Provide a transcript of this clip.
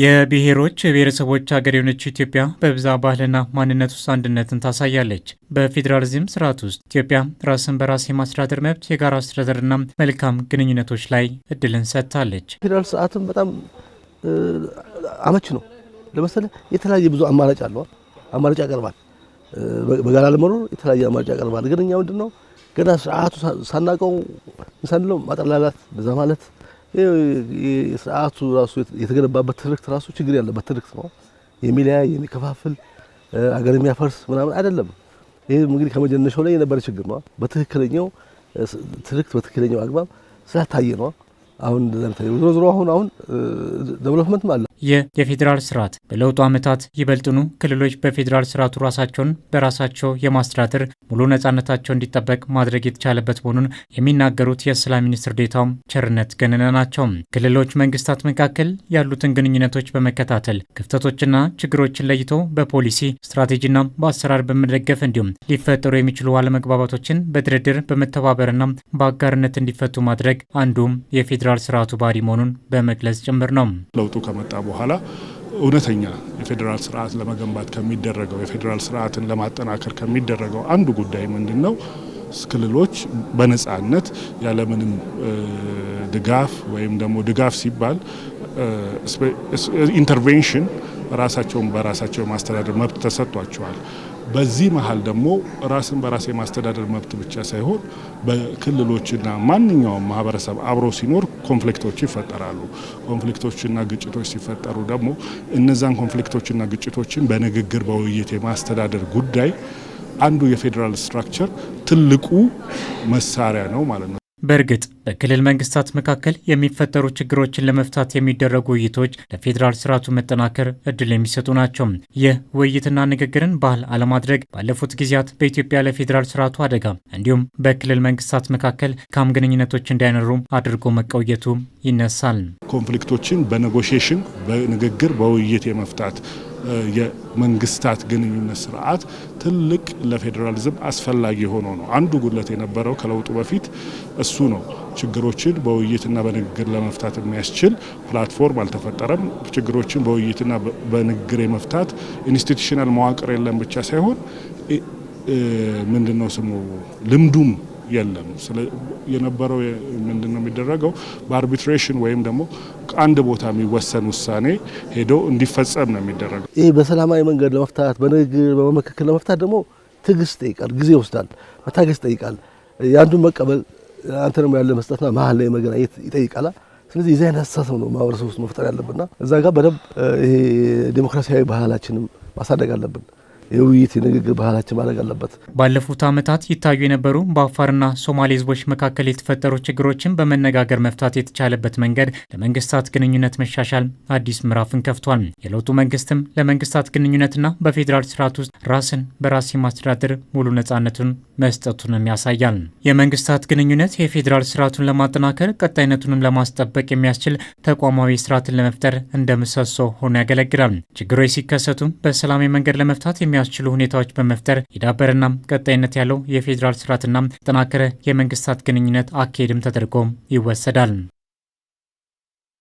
የብሔሮች የብሔረሰቦች ሀገር የሆነች ኢትዮጵያ በብዛ ባህልና ማንነት ውስጥ አንድነትን ታሳያለች። በፌዴራሊዝም ስርዓት ውስጥ ኢትዮጵያ ራስን በራስ የማስተዳደር መብት፣ የጋራ አስተዳደርና መልካም ግንኙነቶች ላይ እድልን ሰጥታለች። ፌዴራል ስርዓትም በጣም አመች ነው ለመሰለ የተለያየ ብዙ አማራጭ አለ አማራጭ ያቀርባል። በጋራ ለመኖር የተለያየ አማራጭ ያቀርባል። ግን እኛ ምንድን ነው ገና ስርዓቱ ሳናቀው ሳንለው ማጠላላት በዛ ማለት ስርዓቱ ራሱ የተገነባበት ትርክት ራሱ ችግር ያለበት ትርክት ነው። የሚለያይ የሚከፋፍል አገር የሚያፈርስ ምናምን አይደለም። ይህ እንግዲህ ከመጀነሻው ላይ የነበረ ችግር ነው። በትክክለኛው ትርክት በትክክለኛው አግባብ ስላልታየ ነው። አሁን ዞሮ ዞሮ አሁን አሁን ዴቨሎፕመንት አለ። ይህ የፌዴራል ስርዓት በለውጡ ዓመታት ይበልጥኑ ክልሎች በፌዴራል ስርዓቱ ራሳቸውን በራሳቸው የማስተዳደር ሙሉ ነጻነታቸው እንዲጠበቅ ማድረግ የተቻለበት መሆኑን የሚናገሩት የሰላም ሚኒስትር ዴታውም ቸርነት ገነነ ናቸው። ክልሎች መንግስታት መካከል ያሉትን ግንኙነቶች በመከታተል ክፍተቶችና ችግሮችን ለይቶ በፖሊሲ ስትራቴጂና በአሰራር በመደገፍ እንዲሁም ሊፈጠሩ የሚችሉ አለመግባባቶችን በድርድር በመተባበርና በአጋርነት እንዲፈቱ ማድረግ አንዱም የፌዴራል ስርዓቱ ባህሪ መሆኑን በመግለጽ ጭምር ነው። ለውጡ ከመጣ በኋላ እውነተኛ የፌዴራል ስርዓት ለመገንባት ከሚደረገው የፌዴራል ስርዓትን ለማጠናከር ከሚደረገው አንዱ ጉዳይ ምንድን ነው? ክልሎች በነጻነት ያለምንም ድጋፍ ወይም ደግሞ ድጋፍ ሲባል ኢንተርቬንሽን ራሳቸውን በራሳቸው የማስተዳደር መብት ተሰጥቷቸዋል። በዚህ መሀል ደግሞ ራስን በራስ የማስተዳደር መብት ብቻ ሳይሆን በክልሎችና ማንኛውም ማህበረሰብ አብሮ ሲኖር ኮንፍሊክቶች ይፈጠራሉ። ኮንፍሊክቶችና ግጭቶች ሲፈጠሩ ደግሞ እነዛን ኮንፍሊክቶችና ግጭቶችን በንግግር በውይይት የማስተዳደር ጉዳይ አንዱ የፌዴራል ስትራክቸር ትልቁ መሳሪያ ነው ማለት ነው። በእርግጥ በክልል መንግስታት መካከል የሚፈጠሩ ችግሮችን ለመፍታት የሚደረጉ ውይይቶች ለፌዴራል ስርዓቱ መጠናከር እድል የሚሰጡ ናቸው። ይህ ውይይትና ንግግርን ባህል አለማድረግ ባለፉት ጊዜያት በኢትዮጵያ ለፌዴራል ስርዓቱ አደጋ እንዲሁም በክልል መንግስታት መካከል ካም ግንኙነቶች እንዳይኖሩ አድርጎ መቆየቱ ይነሳል። ኮንፍሊክቶችን በኔጎሽሽን በንግግር በውይይት የመፍታት የመንግስታት ግንኙነት ስርዓት ትልቅ ለፌዴራሊዝም አስፈላጊ ሆኖ ነው። አንዱ ጉድለት የነበረው ከለውጡ በፊት እሱ ነው። ችግሮችን በውይይትና በንግግር ለመፍታት የሚያስችል ፕላትፎርም አልተፈጠረም። ችግሮችን በውይይትና በንግግር የመፍታት ኢንስቲቱሽናል መዋቅር የለም ብቻ ሳይሆን ምንድነው ስሙ ልምዱም የለም። የነበረው ምንድነው የሚደረገው በአርቢትሬሽን ወይም ደግሞ አንድ ቦታ የሚወሰን ውሳኔ ሄዶ እንዲፈጸም ነው የሚደረገው። ይህ በሰላማዊ መንገድ ለመፍታት በንግግር በመመካከል ለመፍታት ደግሞ ትዕግስት ይጠይቃል፣ ጊዜ ይወስዳል፣ መታገስ ይጠይቃል። የአንዱን መቀበል አንተ ደግሞ ያለ መስጠትና መሀል ላይ መገናኘት ይጠይቃል። ስለዚህ የዚህ አይነት አስተሳሰብ ነው ማህበረሰብ ውስጥ መፍጠር ያለብንና እዛ ጋር በደንብ ይሄ ዴሞክራሲያዊ ባህላችንም ማሳደግ አለብን። የውይይት የንግግር ባህላችን ማድረግ አለበት። ባለፉት ዓመታት ይታዩ የነበሩ በአፋርና ሶማሌ ህዝቦች መካከል የተፈጠሩ ችግሮችን በመነጋገር መፍታት የተቻለበት መንገድ ለመንግስታት ግንኙነት መሻሻል አዲስ ምዕራፍን ከፍቷል። የለውጡ መንግስትም ለመንግስታት ግንኙነትና በፌዴራል ስርዓት ውስጥ ራስን በራስ የማስተዳደር ሙሉ ነጻነቱን መስጠቱንም ያሳያል። የመንግስታት ግንኙነት የፌዴራል ስርዓቱን ለማጠናከር ቀጣይነቱንም ለማስጠበቅ የሚያስችል ተቋማዊ ስርዓትን ለመፍጠር እንደ ምሰሶ ሆኖ ያገለግላል። ችግሮች ሲከሰቱም በሰላማዊ መንገድ ለመፍታት የሚያስችሉ ሁኔታዎች በመፍጠር የዳበረና ቀጣይነት ያለው የፌዴራል ስርዓትና ጠናከረ የመንግስታት ግንኙነት አካሄድም ተደርጎ ይወሰዳል።